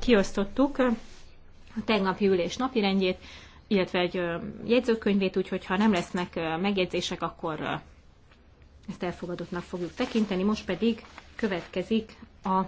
Kiosztottuk a tegnapi ülés napirendjét, illetve egy jegyzőkönyvét, úgyhogy ha nem lesznek megjegyzések, akkor ezt elfogadottnak fogjuk tekinteni. Most pedig következik a